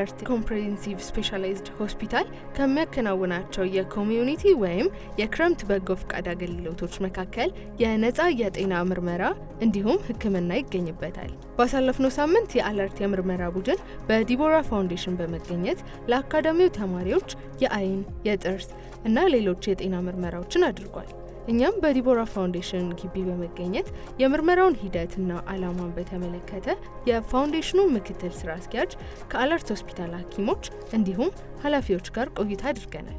አለርት ኮምፕሬሄንሲቭ ስፔሻላይዝድ ሆስፒታል ከሚያከናውናቸው የኮሚዩኒቲ ወይም የክረምት በጎ ፍቃድ አገልግሎቶች መካከል የነፃ የጤና ምርመራ እንዲሁም ሕክምና ይገኝበታል። ባሳለፍነው ሳምንት የአለርት የምርመራ ቡድን በዲቦራ ፋውንዴሽን በመገኘት ለአካዳሚው ተማሪዎች የአይን፣ የጥርስ እና ሌሎች የጤና ምርመራዎችን አድርጓል። እኛም በዲቦራ ፋውንዴሽን ግቢ በመገኘት የምርመራውን ሂደትና ዓላማን በተመለከተ የፋውንዴሽኑ ምክትል ስራ አስኪያጅ ከአለርት ሆስፒታል ሐኪሞች እንዲሁም ኃላፊዎች ጋር ቆይታ አድርገናል።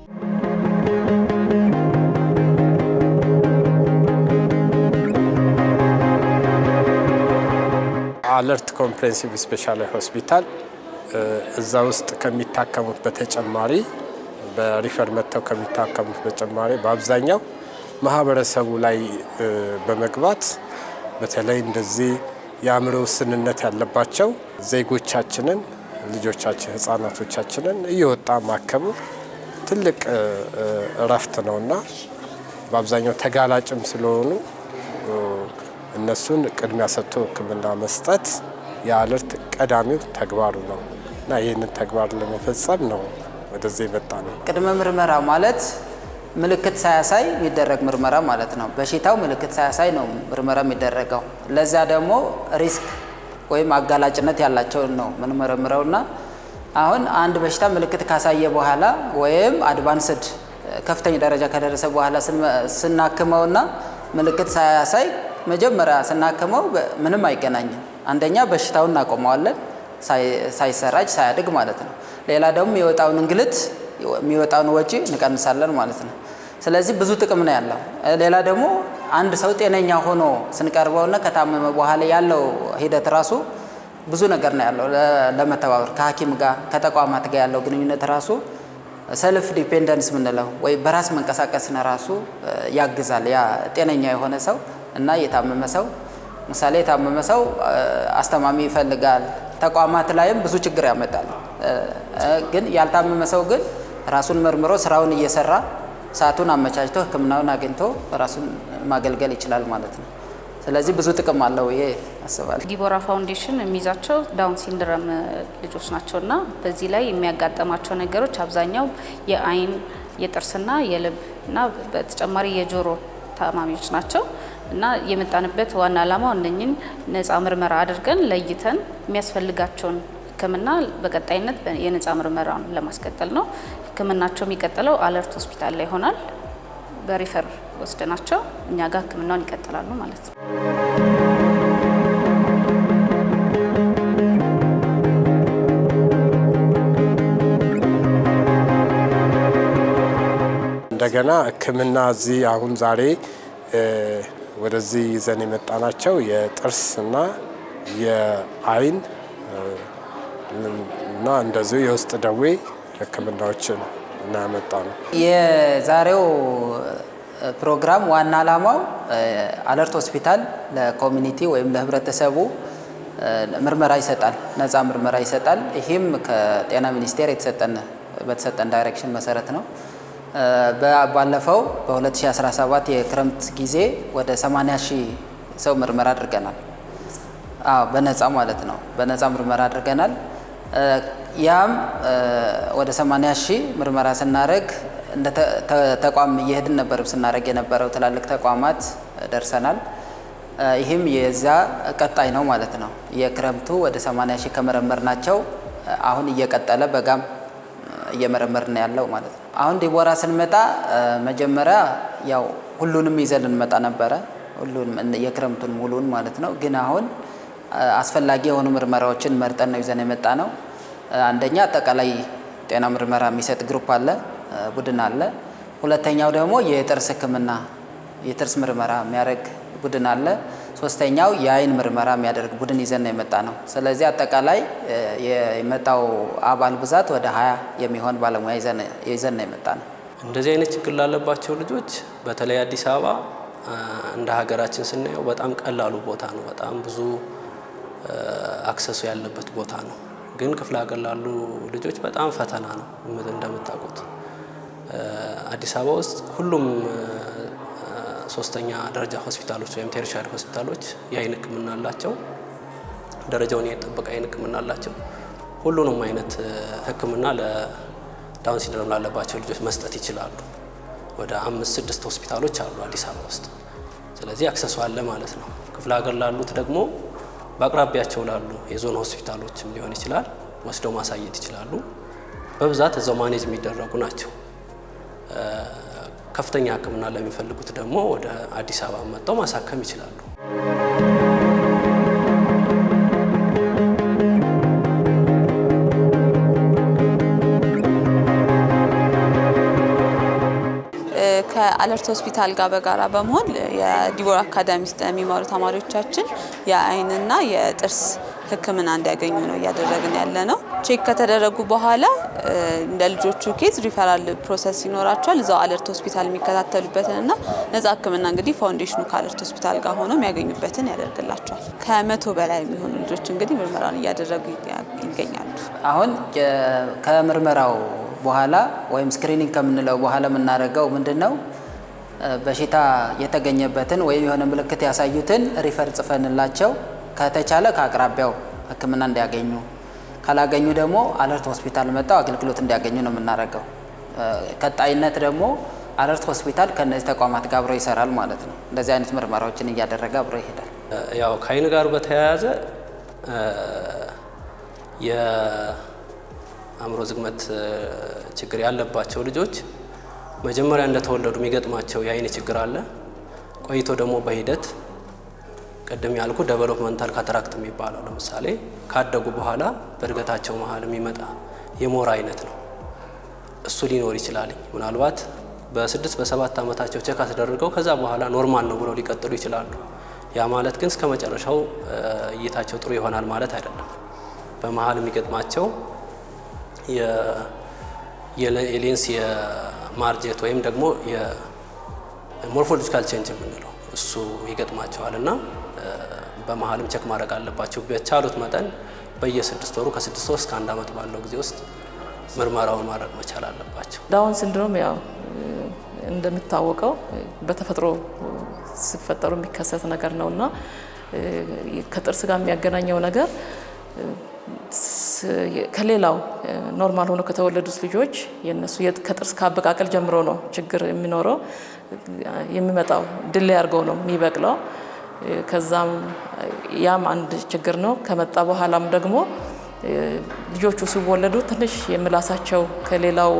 አለርት ኮምፕሬንሲቭ ስፔሻል ሆስፒታል እዛ ውስጥ ከሚታከሙት በተጨማሪ በሪፈር መጥተው ከሚታከሙት በተጨማሪ በአብዛኛው ማህበረሰቡ ላይ በመግባት በተለይ እንደዚህ የአእምሮ ውስንነት ያለባቸው ዜጎቻችንን ልጆቻችን ህጻናቶቻችንን እየወጣ ማከቡ ትልቅ እረፍት ነውና በአብዛኛው ተጋላጭም ስለሆኑ እነሱን ቅድሚያ ሰጥቶ ሕክምና መስጠት የአለርት ቀዳሚው ተግባሩ ነው እና ይህንን ተግባር ለመፈጸም ነው ወደዚህ የመጣ ነው። ቅድመ ምርመራ ማለት ምልክት ሳያሳይ የሚደረግ ምርመራ ማለት ነው። በሽታው ምልክት ሳያሳይ ነው ምርመራ የሚደረገው። ለዛ ደግሞ ሪስክ ወይም አጋላጭነት ያላቸውን ነው ምንመረምረውና አሁን አንድ በሽታ ምልክት ካሳየ በኋላ ወይም አድቫንስድ ከፍተኛ ደረጃ ከደረሰ በኋላ ስናክመውና ምልክት ሳያሳይ መጀመሪያ ስናክመው ምንም አይገናኝም። አንደኛ በሽታውን እናቆመዋለን ሳይሰራጭ ሳያድግ ማለት ነው። ሌላ ደግሞ የወጣውን እንግልት የሚወጣውን ወጪ እንቀንሳለን ማለት ነው። ስለዚህ ብዙ ጥቅም ነው ያለው። ሌላ ደግሞ አንድ ሰው ጤነኛ ሆኖ ስንቀርበውና ከታመመ በኋላ ያለው ሂደት ራሱ ብዙ ነገር ነው ያለው። ለመተባበር ከሐኪም ጋር ከተቋማት ጋር ያለው ግንኙነት ራሱ ሰልፍ ዲፔንደንስ ምንለው ወይ በራስ መንቀሳቀስን ራሱ ያግዛል። ያ ጤነኛ የሆነ ሰው እና የታመመ ሰው ምሳሌ የታመመ ሰው አስተማሚ ይፈልጋል። ተቋማት ላይም ብዙ ችግር ያመጣል። ግን ያልታመመ ሰው ግን ራሱን መርምሮ ስራውን እየሰራ ሰዓቱን አመቻችቶ ህክምናውን አግኝቶ ራሱን ማገልገል ይችላል ማለት ነው። ስለዚህ ብዙ ጥቅም አለው ብዬ አስባለሁ። ዲቦራ ፋውንዴሽን የሚይዛቸው ዳውን ሲንድረም ልጆች ናቸውና በዚህ ላይ የሚያጋጠማቸው ነገሮች አብዛኛው የአይን የጥርስና የልብ እና በተጨማሪ የጆሮ ታማሚዎች ናቸው እና የመጣንበት ዋና ዓላማው እነኝን ነፃ ምርመራ አድርገን ለይተን የሚያስፈልጋቸውን ህክምና በቀጣይነት የነፃ ምርመራን ለማስቀጠል ነው። ህክምናቸው የሚቀጥለው አለርት ሆስፒታል ላይ ይሆናል። በሪፈር ወስደናቸው እኛ ጋር ህክምናውን ይቀጥላሉ ማለት ነው። እንደገና ህክምና እዚህ አሁን ዛሬ ወደዚህ ይዘን የመጣናቸው እና የአይን እና እንደዚሁ የውስጥ ደዌ ህክምናዎችን እናመጣ ነው። የዛሬው ፕሮግራም ዋና ዓላማው አለርት ሆስፒታል ለኮሚኒቲ ወይም ለህብረተሰቡ ምርመራ ይሰጣል፣ ነፃ ምርመራ ይሰጣል። ይህም ከጤና ሚኒስቴር የተሰጠን በተሰጠን ዳይሬክሽን መሰረት ነው። ባለፈው በ2017 የክረምት ጊዜ ወደ 80 ሺህ ሰው ምርመራ አድርገናል። በነፃ ማለት ነው። በነፃ ምርመራ አድርገናል። ያም ወደ 80 ሺህ ምርመራ ስናደረግ እንደ ተቋም እየሄድን ነበርም ስናደርግ የነበረው ትላልቅ ተቋማት ደርሰናል። ይህም የዛ ቀጣይ ነው ማለት ነው። የክረምቱ ወደ 80 ሺህ ከመረመር ናቸው አሁን እየቀጠለ በጋም እየመረመርን ያለው ማለት ነው። አሁን ዲቦራ ስንመጣ መጀመሪያ ያው ሁሉንም ይዘን ልንመጣ ነበረ፣ ሁሉንም የክረምቱን ሙሉን ማለት ነው። ግን አሁን አስፈላጊ የሆኑ ምርመራዎችን መርጠን ነው ይዘን የመጣ ነው። አንደኛ አጠቃላይ ጤና ምርመራ የሚሰጥ ግሩፕ አለ፣ ቡድን አለ። ሁለተኛው ደግሞ የጥርስ ሕክምና የጥርስ ምርመራ የሚያደርግ ቡድን አለ። ሶስተኛው የአይን ምርመራ የሚያደርግ ቡድን ይዘን ነው የመጣ ነው። ስለዚህ አጠቃላይ የመጣው አባል ብዛት ወደ ሀያ የሚሆን ባለሙያ ይዘን ነው የመጣ ነው። እንደዚህ አይነት ችግር ላለባቸው ልጆች በተለይ አዲስ አበባ እንደ ሀገራችን ስናየው በጣም ቀላሉ ቦታ ነው። በጣም ብዙ አክሰሱ ያለበት ቦታ ነው። ግን ክፍለ ሀገር ላሉ ልጆች በጣም ፈተና ነው። እንደምታውቁት አዲስ አበባ ውስጥ ሁሉም ሶስተኛ ደረጃ ሆስፒታሎች ወይም ቴርሻሪ ሆስፒታሎች የአይን ሕክምና አላቸው። ደረጃውን የጠበቀ አይን ሕክምና አላቸው። ሁሉንም አይነት ሕክምና ለዳውን ሲንድሮም ላለባቸው ልጆች መስጠት ይችላሉ። ወደ አምስት ስድስት ሆስፒታሎች አሉ አዲስ አበባ ውስጥ። ስለዚህ አክሰሱ አለ ማለት ነው። ክፍለ ሀገር ላሉት ደግሞ በአቅራቢያቸው ላሉ የዞን ሆስፒታሎችም ሊሆን ይችላል ወስደው ማሳየት ይችላሉ። በብዛት እዛው ማኔጅ የሚደረጉ ናቸው። ከፍተኛ ሕክምና ለሚፈልጉት ደግሞ ወደ አዲስ አበባ መጥተው ማሳከም ይችላሉ። ከአለርት ሆስፒታል ጋር በጋራ በመሆን የዲቦራ አካዳሚ ውስጥ የሚማሩ ተማሪዎቻችን የአይንና የጥርስ ሕክምና እንዲያገኙ ነው እያደረግን ያለ ነው። ቼክ ከተደረጉ በኋላ እንደ ልጆቹ ኬዝ ሪፈራል ፕሮሰስ ይኖራቸዋል። እዛው አለርት ሆስፒታል የሚከታተሉበትንና ነጻ ሕክምና እንግዲህ ፋውንዴሽኑ ከአለርት ሆስፒታል ጋር ሆኖ የሚያገኙበትን ያደርግላቸዋል። ከመቶ በላይ የሚሆኑ ልጆች እንግዲህ ምርመራውን እያደረጉ ይገኛሉ። አሁን ከምርመራው በኋላ ወይም ስክሪኒንግ ከምንለው በኋላ የምናደርገው ምንድን ነው? በሽታ የተገኘበትን ወይም የሆነ ምልክት ያሳዩትን ሪፈር ጽፈንላቸው ከተቻለ ከአቅራቢያው ሕክምና እንዲያገኙ ካላገኙ ደግሞ አለርት ሆስፒታል መጣው አገልግሎት እንዲያገኙ ነው የምናደርገው። ቀጣይነት ደግሞ አለርት ሆስፒታል ከእነዚህ ተቋማት ጋር አብሮ ይሰራል ማለት ነው። እንደዚህ አይነት ምርመራዎችን እያደረገ አብሮ ይሄዳል። ያው ከአይን ጋር በተያያዘ የአእምሮ ዝግመት ችግር ያለባቸው ልጆች መጀመሪያ እንደተወለዱ የሚገጥማቸው የአይን ችግር አለ። ቆይቶ ደግሞ በሂደት ቅድም ያልኩ ደቨሎፕመንታል ካተራክት የሚባለው ለምሳሌ ካደጉ በኋላ በእድገታቸው መሀል የሚመጣ የሞራ አይነት ነው። እሱ ሊኖር ይችላል። ምናልባት በስድስት በሰባት ዓመታቸው ቼክ አስደርገው ከዛ በኋላ ኖርማል ነው ብለው ሊቀጥሉ ይችላሉ። ያ ማለት ግን እስከ መጨረሻው እይታቸው ጥሩ ይሆናል ማለት አይደለም። በመሀል የሚገጥማቸው የሌንስ ማርጀት ወይም ደግሞ የሞርፎሎጂካል ቼንጅ የምንለው እሱ ይገጥማቸዋል እና በመሀልም ቸክ ማድረግ አለባቸው። በቻሉት መጠን በየስድስት ወሩ ከስድስት እስከ አንድ አመት ባለው ጊዜ ውስጥ ምርመራውን ማድረግ መቻል አለባቸው። ዳውን ሲንድሮም ያው እንደሚታወቀው በተፈጥሮ ሲፈጠሩ የሚከሰት ነገር ነው እና ከጥርስ ጋር የሚያገናኘው ነገር ከሌላው ኖርማል ሆኖ ከተወለዱት ልጆች የነሱ ከጥርስ ከአበቃቀል ጀምሮ ነው ችግር የሚኖረው የሚመጣው ድል ያርገው ነው የሚበቅለው። ከዛም ያም አንድ ችግር ነው። ከመጣ በኋላም ደግሞ ልጆቹ ሲወለዱ ትንሽ የምላሳቸው ከሌላው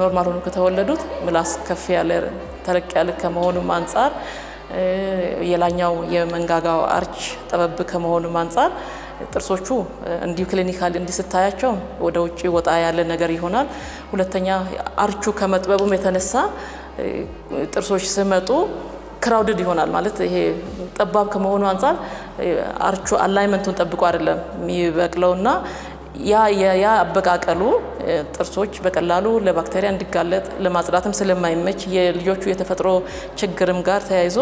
ኖርማል ሆኖ ከተወለዱት ምላስ ከፍ ያለ ተለቅ ያለ ከመሆኑም አንጻር የላኛው የመንጋጋው አርች ጠበብ ከመሆኑም አንጻር ጥርሶቹ እንዲሁ ክሊኒካል እንዲህ ስታያቸው ወደ ውጭ ወጣ ያለ ነገር ይሆናል። ሁለተኛ አርቹ ከመጥበቡም የተነሳ ጥርሶች ሲመጡ ክራውድድ ይሆናል ማለት ይሄ ጠባብ ከመሆኑ አንጻር አርቹ አላይመንቱን ጠብቆ አይደለም የሚበቅለውና ያ ያ አበቃቀሉ ጥርሶች በቀላሉ ለባክቴሪያ እንዲጋለጥ ለማጽዳትም ስለማይመች የልጆቹ የተፈጥሮ ችግርም ጋር ተያይዞ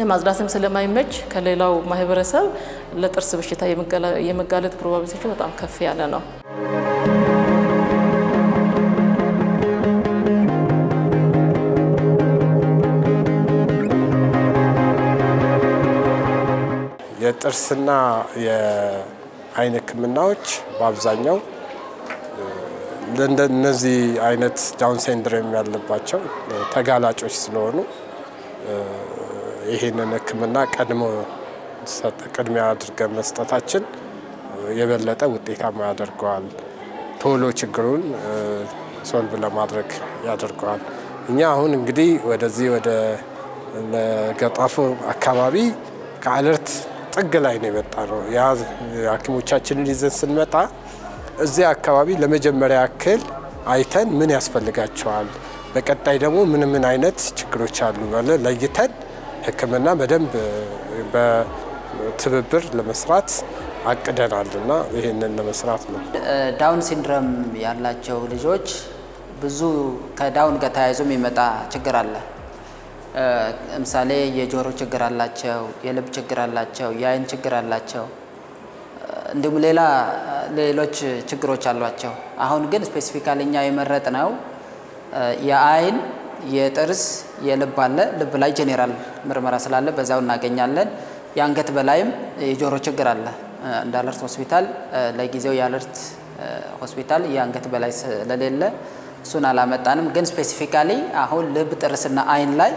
ለማጽዳትም ስለማይመች ከሌላው ማህበረሰብ ለጥርስ በሽታ የመጋለጥ ፕሮባቢሊቲ በጣም ከፍ ያለ ነው። የጥርስና አይን ህክምናዎች በአብዛኛው እነዚህ አይነት ዳውን ሲንድሮም ያለባቸው ተጋላጮች ስለሆኑ ይህንን ህክምና ቀድሞ ቅድሚያ አድርገን መስጠታችን የበለጠ ውጤታማ ያደርገዋል። ቶሎ ችግሩን ሶልቭ ለማድረግ ያደርገዋል። እኛ አሁን እንግዲህ ወደዚህ ወደ ገጣፎ አካባቢ ከአለርት ጥግ ላይ ነው የመጣ ነው። ሐኪሞቻችንን ይዘን ስንመጣ እዚህ አካባቢ ለመጀመሪያ ያክል አይተን ምን ያስፈልጋቸዋል፣ በቀጣይ ደግሞ ምን ምን አይነት ችግሮች አሉ ብለን ለይተን ህክምና በደንብ በትብብር ለመስራት አቅደናል እና ይህንን ለመስራት ነው። ዳውን ሲንድረም ያላቸው ልጆች ብዙ ከዳውን ጋር ተያይዞ የሚመጣ ችግር አለ። ለምሳሌ የጆሮ ችግር አላቸው፣ የልብ ችግር አላቸው፣ የአይን ችግር አላቸው፣ እንዲሁም ሌላ ሌሎች ችግሮች አሏቸው። አሁን ግን ስፔሲፊካሊ እኛ የመረጥ ነው የአይን፣ የጥርስ፣ የልብ አለ። ልብ ላይ ጄኔራል ምርመራ ስላለ በዛው እናገኛለን። የአንገት በላይም የጆሮ ችግር አለ። እንደ አለርት ሆስፒታል ለጊዜው የአለርት ሆስፒታል የአንገት በላይ ስለሌለ እሱን አላመጣንም። ግን ስፔሲፊካሊ አሁን ልብ ጥርስና አይን ላይ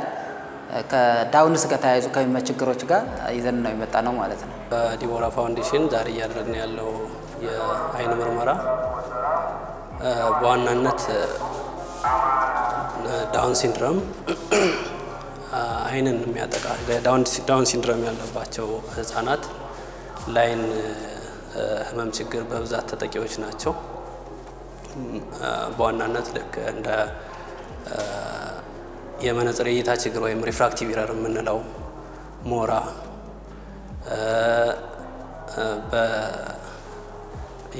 ከዳውንስ ጋር ተያይዞ ከሚመ ችግሮች ጋር ይዘን ነው የመጣ ነው ማለት ነው። በዲቦራ ፋውንዴሽን ዛሬ እያደረግን ያለው የአይን ምርመራ በዋናነት ዳውን ሲንድሮም አይንን የሚያጠቃ ዳውን ሲንድሮም ያለባቸው ህጻናት ለአይን ህመም ችግር በብዛት ተጠቂዎች ናቸው። በዋናነት ልክ እንደ የመነጽር እይታ ችግር ወይም ሪፍራክቲቭ ኢረር የምንለው ሞራ፣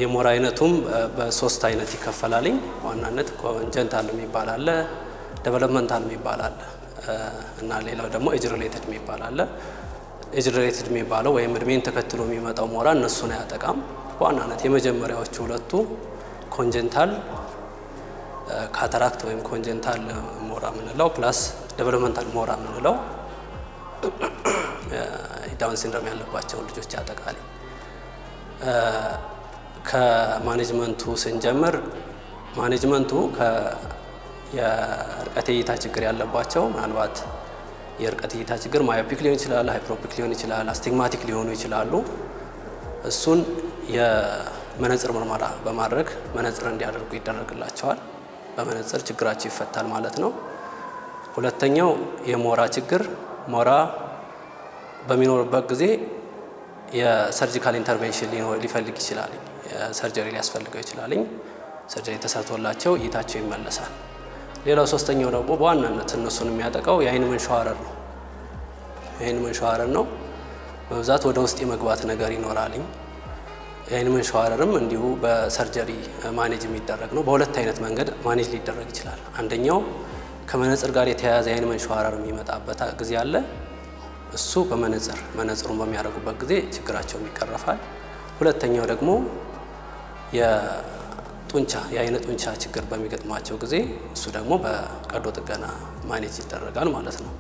የሞራ አይነቱም በሶስት አይነት ይከፈላልኝ። ዋናነት ኮንጀንታል የሚባል አለ፣ ደቨሎፕመንታል የሚባል አለ እና ሌላው ደግሞ ኤጅ ሪሌትድ የሚባል አለ። ኤጅ ሪሌትድ የሚባለው ወይም እድሜን ተከትሎ የሚመጣው ሞራ እነሱን አያጠቃም። በዋናነት የመጀመሪያዎቹ ሁለቱ ኮንጀንታል ካታራክት ወይም ኮንጀንታል ሞራ የምንለው ፕላስ ዴቨሎፕመንታል ሞራ የምንለው ዳውን ሲንድሮም ያለባቸው ልጆች ያጠቃል። ከማኔጅመንቱ ስንጀምር ማኔጅመንቱ የርቀት እይታ ችግር ያለባቸው ምናልባት የርቀት እይታ ችግር ማዮፒክ ሊሆን ይችላል፣ ሃይፕሮፒክ ሊሆን ይችላል፣ አስቲግማቲክ ሊሆኑ ይችላሉ። እሱን የመነጽር ምርመራ በማድረግ መነጽር እንዲያደርጉ ይደረግላቸዋል። በመነጽር ችግራቸው ይፈታል ማለት ነው። ሁለተኛው የሞራ ችግር፣ ሞራ በሚኖርበት ጊዜ የሰርጂካል ኢንተርቬንሽን ሊፈልግ ይችላል። ሰርጀሪ ሊያስፈልገው ይችላል። ሰርጀሪ ተሰርቶላቸው እይታቸው ይመለሳል። ሌላው ሶስተኛው ደግሞ በዋናነት እነሱን የሚያጠቃው የአይን መንሸዋረር ነው። የአይን መንሸዋረር ነው። በብዛት ወደ ውስጥ የመግባት ነገር ይኖራልኝ የዓይን ሸዋረርም እንዲሁ በሰርጀሪ ማኔጅ የሚደረግ ነው። በሁለት አይነት መንገድ ማኔጅ ሊደረግ ይችላል። አንደኛው ከመነጽር ጋር የተያያዘ የዓይን ሸዋረር የሚመጣበት ጊዜ አለ። እሱ በመነጽር መነጽሩን በሚያደርጉበት ጊዜ ችግራቸውም ይቀረፋል። ሁለተኛው ደግሞ የጡንቻ የአይነ ጡንቻ ችግር በሚገጥማቸው ጊዜ እሱ ደግሞ በቀዶ ጥገና ማኔጅ ይደረጋል ማለት ነው።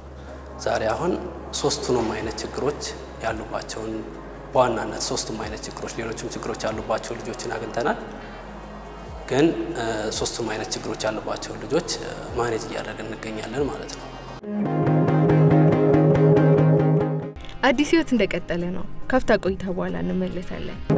ዛሬ አሁን ሶስቱንም አይነት ችግሮች ያሉባቸውን በዋናነት ሶስቱም አይነት ችግሮች ሌሎችም ችግሮች ያሉባቸው ልጆችን አግኝተናል። ግን ሶስቱም አይነት ችግሮች ያሉባቸው ልጆች ማኔጅ እያደረግን እንገኛለን ማለት ነው። አዲስ ህይወት እንደቀጠለ ነው። ከፍታ ቆይታ በኋላ እንመለሳለን።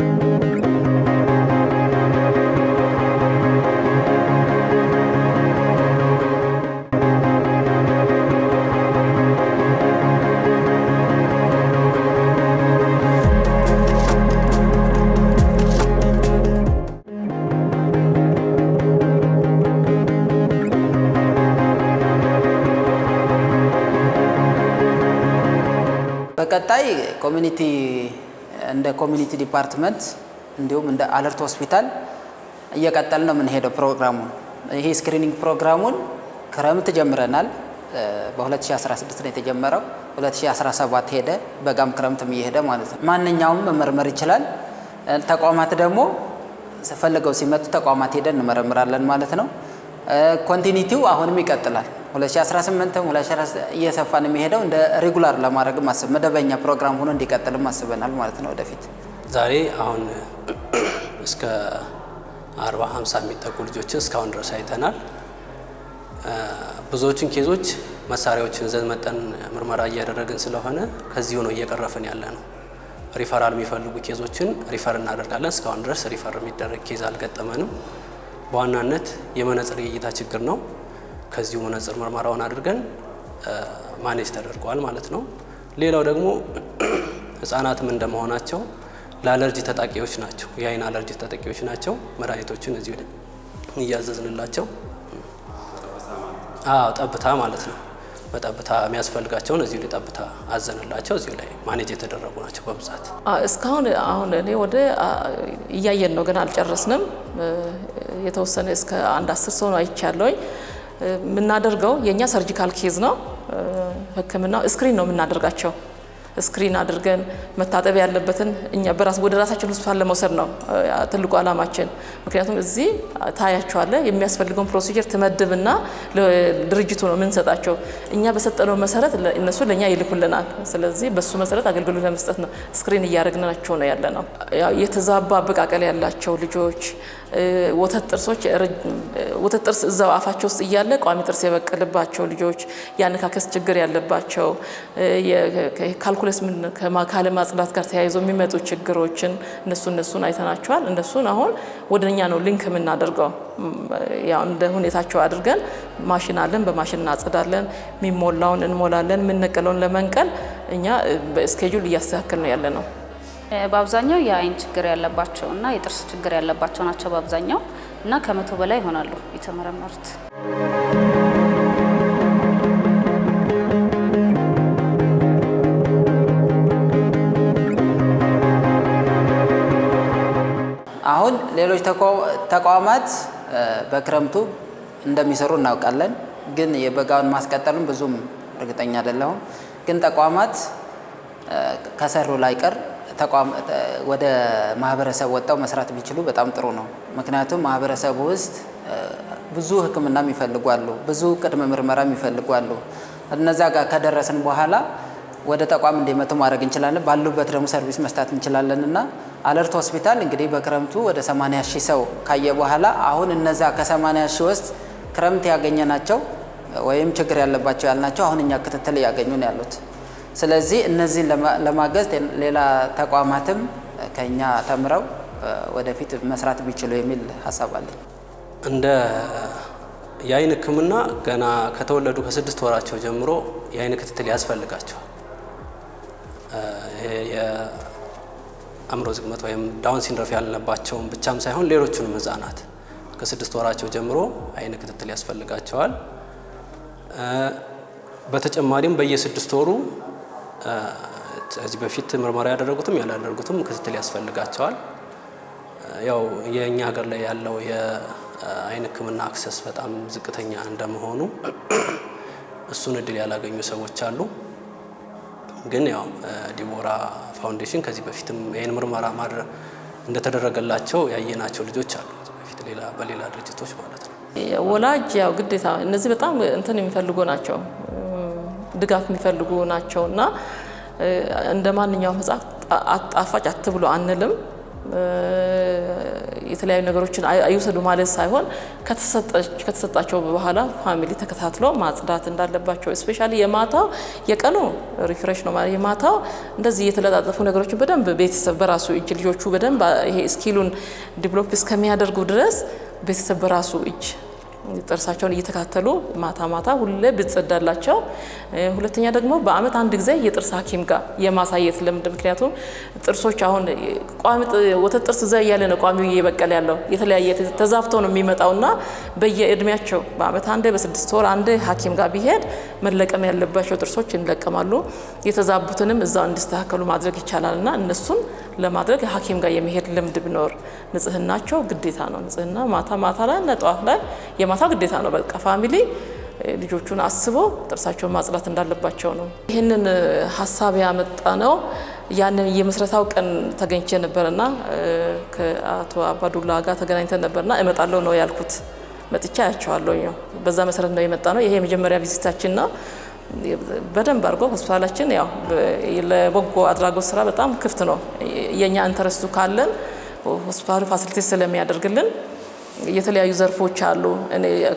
በቀጣይ ኮሚኒቲ እንደ ኮሚኒቲ ዲፓርትመንት እንዲሁም እንደ አለርት ሆስፒታል እየቀጠል ነው የምንሄደው ፕሮግራሙን። ይሄ ስክሪኒንግ ፕሮግራሙን ክረምት ጀምረናል። በ2016 ነው የተጀመረው። 2017 ሄደ፣ በጋም ክረምትም እየሄደ ማለት ነው። ማንኛውም መመርመር ይችላል። ተቋማት ደግሞ ፈልገው ሲመጡ ተቋማት ሄደን እንመረምራለን ማለት ነው። ኮንቲኒቲው አሁንም ይቀጥላል። 2018 ነው የሚሄደው እንደ ሬጉላር ለማድረግ ማስብ መደበኛ ፕሮግራም ሆኖ እንዲቀጥልም አስበናል ማለት ነው። ወደፊት ዛሬ አሁን እስከ 40 50 የሚጠጉ ልጆችን እስካሁን ድረስ አይተናል። ብዙዎችን ኬዞች መሳሪያዎችን ዘን መጠን ምርመራ እያደረግን ስለሆነ ከዚሁ ነው እየቀረፍን ያለ ነው። ሪፈራል የሚፈልጉ ኬዞችን ሪፈር እናደርጋለን። እስካሁን ድረስ ሪፈር የሚደረግ ኬዝ አልገጠመንም። በዋናነት የመነጽር እይታ ችግር ነው። ከዚሁ መነጽር ምርመራውን አድርገን ማኔጅ ተደርጓል ማለት ነው። ሌላው ደግሞ ህጻናትም እንደመሆናቸው ለአለርጂ ተጠቂዎች ናቸው፣ የአይን አለርጂ ተጠቂዎች ናቸው። መድኃኒቶችን እዚሁ እያዘዝንላቸው ጠብታ ማለት ነው። በጠብታ የሚያስፈልጋቸውን እዚሁ ላይ ጠብታ አዘንላቸው እዚሁ ላይ ማኔጅ የተደረጉ ናቸው በብዛት እስካሁን። አሁን እኔ ወደ እያየን ነው፣ ግን አልጨረስንም። የተወሰነ እስከ አንድ አስር ሰው ነው አይቻለውኝ። የምናደርገው የእኛ ሰርጂካል ኬዝ ነው። ህክምናው ስክሪን ነው የምናደርጋቸው። ስክሪን አድርገን መታጠብ ያለበትን እኛ በራስ ወደ ራሳችን ሆስፒታል ለመውሰድ ነው ትልቁ ዓላማችን። ምክንያቱም እዚህ ታያቸዋለ የሚያስፈልገውን ፕሮሲጀር ትመድብና ድርጅቱ ነው የምንሰጣቸው። እኛ በሰጠነው መሰረት እነሱ ለእኛ ይልኩልናል። ስለዚህ በሱ መሰረት አገልግሎት ለመስጠት ነው ስክሪን እያደረግናቸው ነው ያለ ነው። የተዛባ አበቃቀል ያላቸው ልጆች ወተት ጥርሶች ወተት ጥርስ እዛው አፋቸው ውስጥ እያለ ቋሚ ጥርስ የበቀልባቸው ልጆች፣ የአነካከስ ችግር ያለባቸው፣ ካልኩለስ ምን ከማካለ ማጽዳት ጋር ተያይዘው የሚመጡ ችግሮችን እነሱ እነሱን አይተናቸዋል። እነሱን አሁን ወደኛ ነው ሊንክ የምናደርገው። ያው እንደ ሁኔታቸው አድርገን ማሽን አለን፣ በማሽን እናጸዳለን። የሚሞላውን እንሞላለን፣ የምንነቀለውን ለመንቀል እኛ በስኬጁል እያስተካከል ነው ያለ ነው። በአብዛኛው የአይን ችግር ያለባቸው እና የጥርስ ችግር ያለባቸው ናቸው በአብዛኛው እና ከመቶ በላይ ይሆናሉ የተመረመሩት። አሁን ሌሎች ተቋማት በክረምቱ እንደሚሰሩ እናውቃለን፣ ግን የበጋውን ማስቀጠሉም ብዙም እርግጠኛ አይደለሁም። ግን ተቋማት ከሰሩ ላይ ቀር ተቋም ወደ ማህበረሰብ ወጣው መስራት ቢችሉ በጣም ጥሩ ነው። ምክንያቱም ማህበረሰቡ ውስጥ ብዙ ህክምና ይፈልጓሉ፣ ብዙ ቅድመ ምርመራ ይፈልጓሉ። እነዛ ጋር ከደረስን በኋላ ወደ ተቋም እንዲመጡ ማድረግ እንችላለን። ባሉበት ደግሞ ሰርቪስ መስጠት እንችላለን እና አለርት ሆስፒታል እንግዲህ በክረምቱ ወደ 80 ሺህ ሰው ካየ በኋላ አሁን እነዛ ከ80 ሺህ ውስጥ ክረምት ናቸው ወይም ችግር ያለባቸው ያልናቸው አሁን እኛ ክትትል እያገኙ ነው ያሉት። ስለዚህ እነዚህን ለማገዝ ሌላ ተቋማትም ከኛ ተምረው ወደፊት መስራት ቢችሉ የሚል ሀሳብ አለኝ። እንደ የአይን ሕክምና ገና ከተወለዱ ከስድስት ወራቸው ጀምሮ የአይን ክትትል ያስፈልጋቸዋል። የአእምሮ ዝግመት ወይም ዳውን ሲንድሮም ያለባቸውን ብቻም ሳይሆን ሌሎቹንም ህጻናት ከስድስት ወራቸው ጀምሮ አይን ክትትል ያስፈልጋቸዋል። በተጨማሪም በየስድስት ወሩ ከዚህ በፊት ምርመራ ያደረጉትም ያላደረጉትም ክትትል ያስፈልጋቸዋል። ያው የእኛ ሀገር ላይ ያለው የአይን ሕክምና አክሰስ በጣም ዝቅተኛ እንደመሆኑ እሱን እድል ያላገኙ ሰዎች አሉ። ግን ያው ዲቦራ ፋውንዴሽን ከዚህ በፊትም ይህን ምርመራ ማድረግ እንደተደረገላቸው ያየናቸው ልጆች አሉ። በፊት ሌላ በሌላ ድርጅቶች ማለት ነው። ወላጅ ያው ግዴታ እነዚህ በጣም እንትን የሚፈልጉ ናቸው ድጋፍ የሚፈልጉ ናቸው እና እንደ ማንኛውም መጽሐፍ አጣፋጭ አትብሎ አንልም። የተለያዩ ነገሮችን አይውሰዱ ማለት ሳይሆን ከተሰጣቸው በኋላ ፋሚሊ ተከታትሎ ማጽዳት እንዳለባቸው እስፔሻሊ የማታው የቀኑ ሪፍሬሽ ነው ማለት የማታው እንደዚህ የተለጣጠፉ ነገሮችን በደንብ ቤተሰብ በራሱ እጅ ልጆቹ በደንብ ይሄ ስኪሉን ዲቨሎፕ እስከሚያደርጉ ድረስ ቤተሰብ በራሱ እጅ ጥርሳቸውን እየተካተሉ ማታ ማታ ሁሌ ብጸዳላቸው። ሁለተኛ ደግሞ በአመት አንድ ጊዜ የጥርስ ሐኪም ጋር የማሳየት ልምድ። ምክንያቱም ጥርሶች አሁን ቋሚ ወተት ጥርስ እዛ እያለ ነው ቋሚው እየበቀለ ያለው የተለያየ ተዛፍቶ ነው የሚመጣውና በየእድሜያቸው በአመት አንዴ በስድስት ወር አንድ ሐኪም ጋር ቢሄድ መለቀም ያለባቸው ጥርሶች ይለቀማሉ። የተዛቡትንም እዛው እንዲስተካከሉ ማድረግ ይቻላልና እነሱን ለማድረግ ሐኪም ጋር የመሄድ ልምድ ቢኖር ንጽህናቸው ግዴታ ነው። ንጽህና ማታ ማታ ላይ እና ጠዋት ላይ ማታ ግዴታ ነው። በቃ ፋሚሊ ልጆቹን አስቦ ጥርሳቸውን ማጽዳት እንዳለባቸው ነው። ይህንን ሀሳብ ያመጣ ነው ያንን የምስረታው ቀን ተገኝቼ ነበርና ከአቶ አባዱላ ጋር ተገናኝተን ነበርና እመጣለሁ ነው ያልኩት። መጥቻ ያቸዋለሁ። በዛ መሰረት ነው የመጣ ነው። ይሄ የመጀመሪያ ቪዚታችን ነው። በደንብ አድርጎ ሆስፒታላችን ያው ለበጎ አድራጎት ስራ በጣም ክፍት ነው። የእኛ ኢንተረስቱ ካለን ሆስፒታሉ ፋሲሊቲ ስለሚያደርግልን የተለያዩ ዘርፎች አሉ።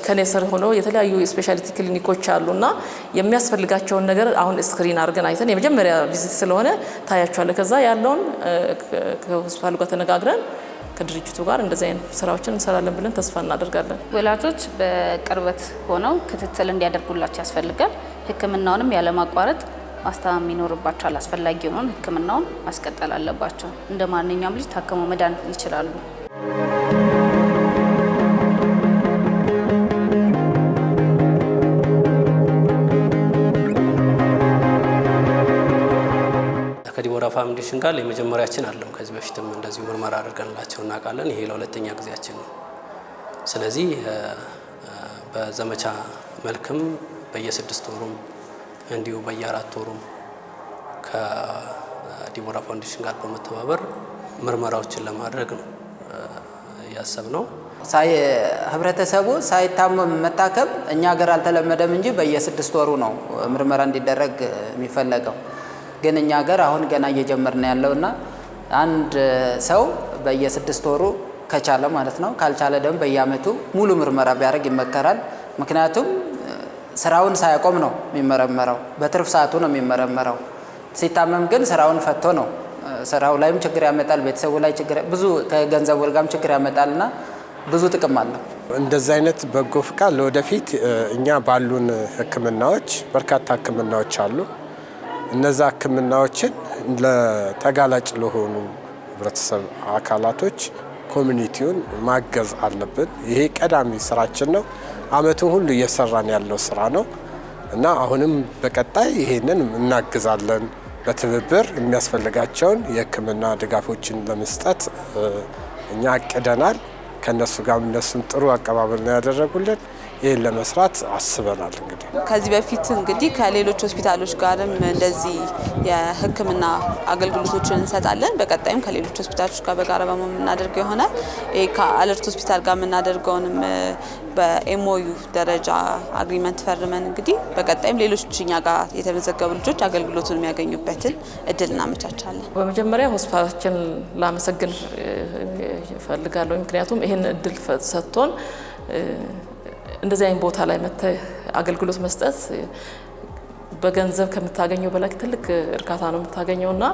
ከኔ ስር ሆኖ የተለያዩ ስፔሻሊቲ ክሊኒኮች አሉ እና የሚያስፈልጋቸውን ነገር አሁን ስክሪን አድርገን አይተን የመጀመሪያ ቪዚት ስለሆነ ታያቸዋለህ። ከዛ ያለውን ከሆስፒታሉ ጋር ተነጋግረን ከድርጅቱ ጋር እንደዚህ አይነት ስራዎችን እንሰራለን ብለን ተስፋ እናደርጋለን። ወላጆች በቅርበት ሆነው ክትትል እንዲያደርጉላቸው ያስፈልጋል። ሕክምናውንም ያለማቋረጥ ማስታመም ይኖርባቸዋል። አስፈላጊ የሆነውን ሕክምናውን ማስቀጠል አለባቸው። እንደ ማንኛውም ልጅ ታክመው መዳን ይችላሉ። ፋውንዴሽን ጋር የመጀመሪያችን አለም ከዚህ በፊትም እንደዚሁ ምርመራ አድርገንላቸው እናውቃለን። ይሄ ለሁለተኛ ጊዜያችን ነው። ስለዚህ በዘመቻ መልክም በየስድስት ወሩም እንዲሁ በየአራት ወሩም ከዲሞራ ፋውንዴሽን ጋር በመተባበር ምርመራዎችን ለማድረግ ነው ያሰብ ነው። ህብረተሰቡ ሳይታመም መታከም እኛ ሀገር አልተለመደም እንጂ በየስድስት ወሩ ነው ምርመራ እንዲደረግ የሚፈለገው። ግን እኛ ሀገር አሁን ገና እየጀመርን ያለውና አንድ ሰው በየስድስት ወሩ ከቻለ ማለት ነው፣ ካልቻለ ደግሞ በየአመቱ ሙሉ ምርመራ ቢያደርግ ይመከራል። ምክንያቱም ስራውን ሳያቆም ነው የሚመረመረው፣ በትርፍ ሰዓቱ ነው የሚመረመረው። ሲታመም ግን ስራውን ፈቶ ነው። ስራው ላይም ችግር ያመጣል፣ ቤተሰቡ ላይ ችግር፣ ብዙ ከገንዘቡ ጋርም ችግር ያመጣልና ብዙ ጥቅም አለው። እንደዚህ አይነት በጎ ፍቃድ ለወደፊት እኛ ባሉን ህክምናዎች በርካታ ህክምናዎች አሉ እነዛ ህክምናዎችን ለተጋላጭ ለሆኑ ህብረተሰብ አካላቶች ኮሚኒቲውን ማገዝ አለብን። ይሄ ቀዳሚ ስራችን ነው። አመቱን ሁሉ እየሰራን ያለው ስራ ነው እና አሁንም በቀጣይ ይሄንን እናግዛለን። በትብብር የሚያስፈልጋቸውን የህክምና ድጋፎችን ለመስጠት እኛ አቅደናል። ከእነሱ ጋር እነሱም ጥሩ አቀባበል ነው ያደረጉልን። ይህን ለመስራት አስበናል። እንግዲህ ከዚህ በፊት እንግዲህ ከሌሎች ሆስፒታሎች ጋርም እንደዚህ የሕክምና አገልግሎቶችን እንሰጣለን። በቀጣይም ከሌሎች ሆስፒታሎች ጋር በጋራ በመሆን የምናደርገው ይሆናል። ከአለርት ሆስፒታል ጋር የምናደርገውንም በኤምኦዩ ደረጃ አግሪመንት ፈርመን እንግዲህ በቀጣይም ሌሎች እኛ ጋር የተመዘገቡ ልጆች አገልግሎቱን የሚያገኙበትን እድል እናመቻቻለን። በመጀመሪያ ሆስፒታላችን ላመሰግን እፈልጋለሁ። ምክንያቱም ይህን እድል ሰጥቶን እንደዚህ አይነት ቦታ ላይ መጥተህ አገልግሎት መስጠት በገንዘብ ከምታገኘው በላይ ትልቅ እርካታ ነው የምታገኘው እና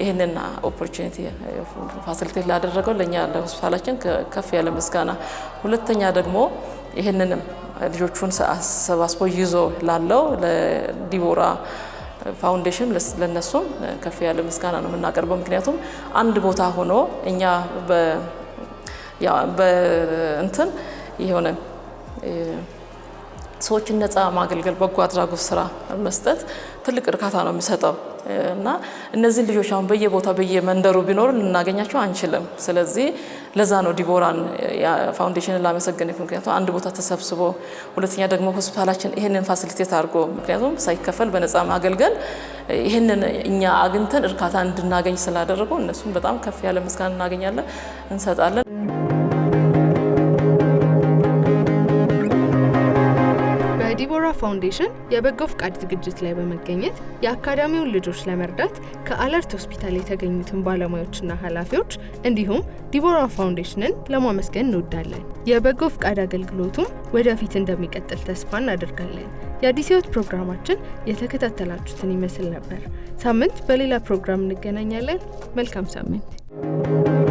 ይህንን ኦፖርቹኒቲ ፋሲሊቴት ላደረገው ለእኛ ለሆስፒታላችን ከፍ ያለ ምስጋና። ሁለተኛ ደግሞ ይህንንም ልጆቹን አሰባስቦ ይዞ ላለው ለዲቦራ ፋውንዴሽን ለነሱም ከፍ ያለ ምስጋና ነው የምናቀርበው። ምክንያቱም አንድ ቦታ ሆኖ እኛ በእንትን የሆነ ሰዎችን ነፃ ማገልገል፣ በጎ አድራጎት ስራ መስጠት ትልቅ እርካታ ነው የሚሰጠው እና እነዚህን ልጆች አሁን በየቦታ በየመንደሩ ቢኖር ልናገኛቸው አንችልም። ስለዚህ ለዛ ነው ዲቦራን ፋውንዴሽንን ላመሰገን። ምክንያቱም አንድ ቦታ ተሰብስቦ፣ ሁለተኛ ደግሞ ሆስፒታላችን ይህንን ፋሲሊቴት አድርጎ ምክንያቱም ሳይከፈል በነፃ ማገልገል ይህንን እኛ አግኝተን እርካታ እንድናገኝ ስላደረገው እነሱም በጣም ከፍ ያለ ምስጋና እናገኛለን እንሰጣለን። ዲቦራ ፋውንዴሽን የበጎ ፍቃድ ዝግጅት ላይ በመገኘት የአካዳሚውን ልጆች ለመርዳት ከአለርት ሆስፒታል የተገኙትን ባለሙያዎችና ኃላፊዎች እንዲሁም ዲቦራ ፋውንዴሽንን ለማመስገን እንወዳለን። የበጎ ፍቃድ አገልግሎቱም ወደፊት እንደሚቀጥል ተስፋ እናደርጋለን። የአዲስ ሕይወት ፕሮግራማችን የተከታተላችሁትን ይመስል ነበር። ሳምንት በሌላ ፕሮግራም እንገናኛለን። መልካም ሳምንት።